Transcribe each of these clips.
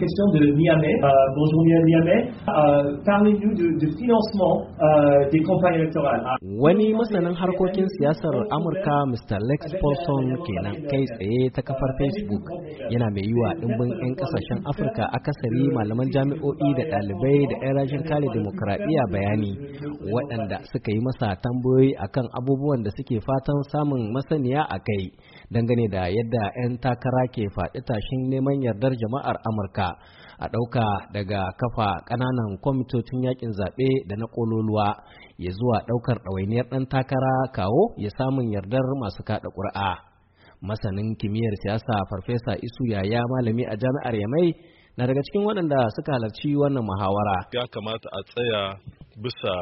question de Niamey, euh, bonjour Niamey, euh, parlez-nous du, de financement euh, des campagnes électorales. Wani masanin harkokin siyasar Amurka Mr. Lex Paulson kenan kai tsaye ta kafar Facebook yana mai yi wa ɗimbin 'yan kasashen Afirka akasari malaman jami'o'i da ɗalibai da 'yan rajin kare demokuraɗiyya bayani waɗanda suka yi masa tambayoyi akan abubuwan da suke fatan samun masaniya a kai dangane da yadda 'yan takara ke faɗi tashin neman yardar jama'ar Amurka. a ɗauka daga kafa ƙananan kwamitocin yakin zaɓe da na ƙololuwa ya zuwa ɗaukar ɗawainiyar ɗan takara kawo ya samun yardar masu kaɗa ƙuri'a. Masanin kimiyyar siyasa Farfesa Isu Yaya malami a jami'ar Yamai na daga cikin waɗanda suka halarci wannan muhawara. Ya kamata a tsaya bisa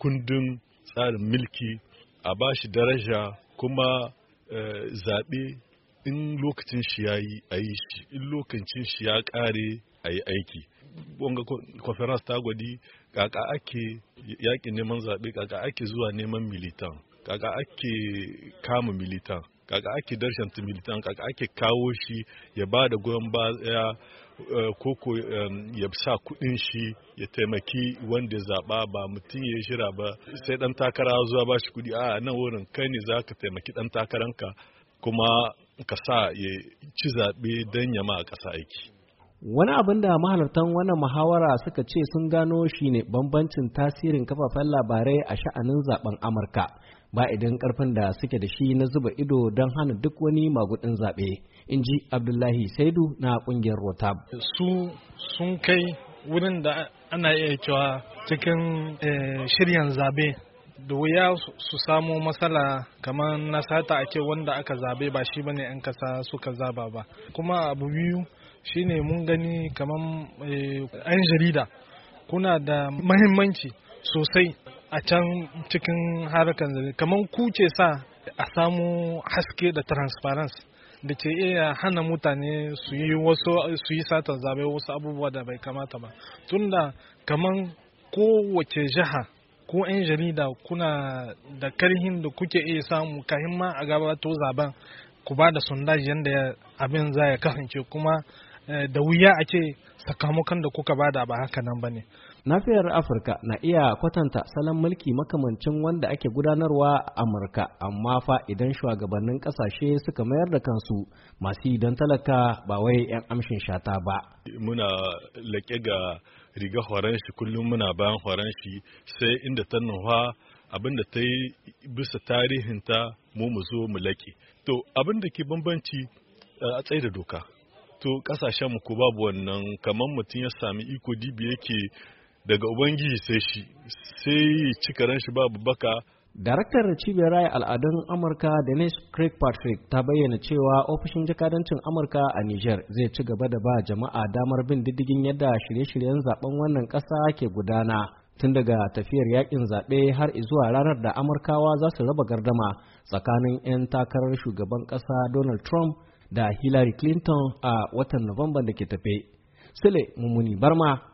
kundin tsarin milki a ba shi daraja kuma eh, zaɓe in lokacin shi ya yi a yi shi in lokacin shi ya kare a yi aiki wanga kwafiras ta gwadi kaka ake yakin neman zaɓe kaka ake zuwa neman militan kaka ake kama militan kaka ake darshanta militan kaka ake kawo shi ya ba da goyon ya koko eh, ya sa kudin shi ya taimaki wanda zaɓa ba mutum ya shira ba sai ɗan takara zuwa ba shi kudi a nan wurin kai ne za ka taimaki ɗan takaranka kuma Kasa ya ci zaɓe don ya ma ƙasa aiki. Wani abin da mahalartan wannan muhawara suka ce sun gano shi ne bambancin tasirin kafafen labarai a sha'anin zaben Amurka ba idan karfin da suke da shi na zuba ido don hana duk wani magudin zaɓe, in ji Abdullahi Saidu na ƙungiyar Rotab. Su sun kai wurin da ana iya cewa cikin eh, shiryan zaɓe da wuya su samo matsala kamar na sata ake wanda aka zabe ba shi bane 'yan kasa suka zaba ba kuma abu biyu shine mun gani kamar 'yan eh, jarida kuna da mahimmanci sosai a can cikin harkan zane kamar ku sa a samu haske da transparency da ce iya hana mutane su yi wasu su yi satar zabe wasu abubuwa da bai kamata ba tunda kamar kowace jiha ko 'yan jarida kuna da karhin da kuke iya samu kahin ma a gabato zaben ku ba da sondage yadda abin za ya kasance kuma eh, da wuya a ce sakamakon da kuka bada ba haka nan ba ne nafiyar afirka na iya kwatanta salon mulki makamancin wanda ake gudanarwa a amurka amma fa idan shugabannin kasashe suka mayar da kansu masu idan talaka ba wai 'yan amshin shata ba muna laƙe ga riga horon shi kullum muna bayan horon shi sai inda ta nuha abin ta yi bisa tarihinta mu mu zo mu laƙe to abin ke bambanci a tsaye da doka to kasashen mu ko babu wannan kamar mutum ya sami iko dibi yake daga ubangiji sai shi sai cika shi babu baka Daraktar Cibiyar Raya Al'adun Amurka Denise Craig Patrick ta bayyana cewa ofishin jakadancin Amurka a Niger zai ci gaba da ba jama'a damar bin diddigin yadda shirye-shiryen zaben wannan ƙasa ke gudana tun daga tafiyar yakin zaɓe har zuwa ranar da Amurkawa za su raba gardama tsakanin 'yan takarar shugaban ƙasa Donald Trump da Hillary Clinton a watan Nuwamban da ke tafe. Sule Mummuni Barma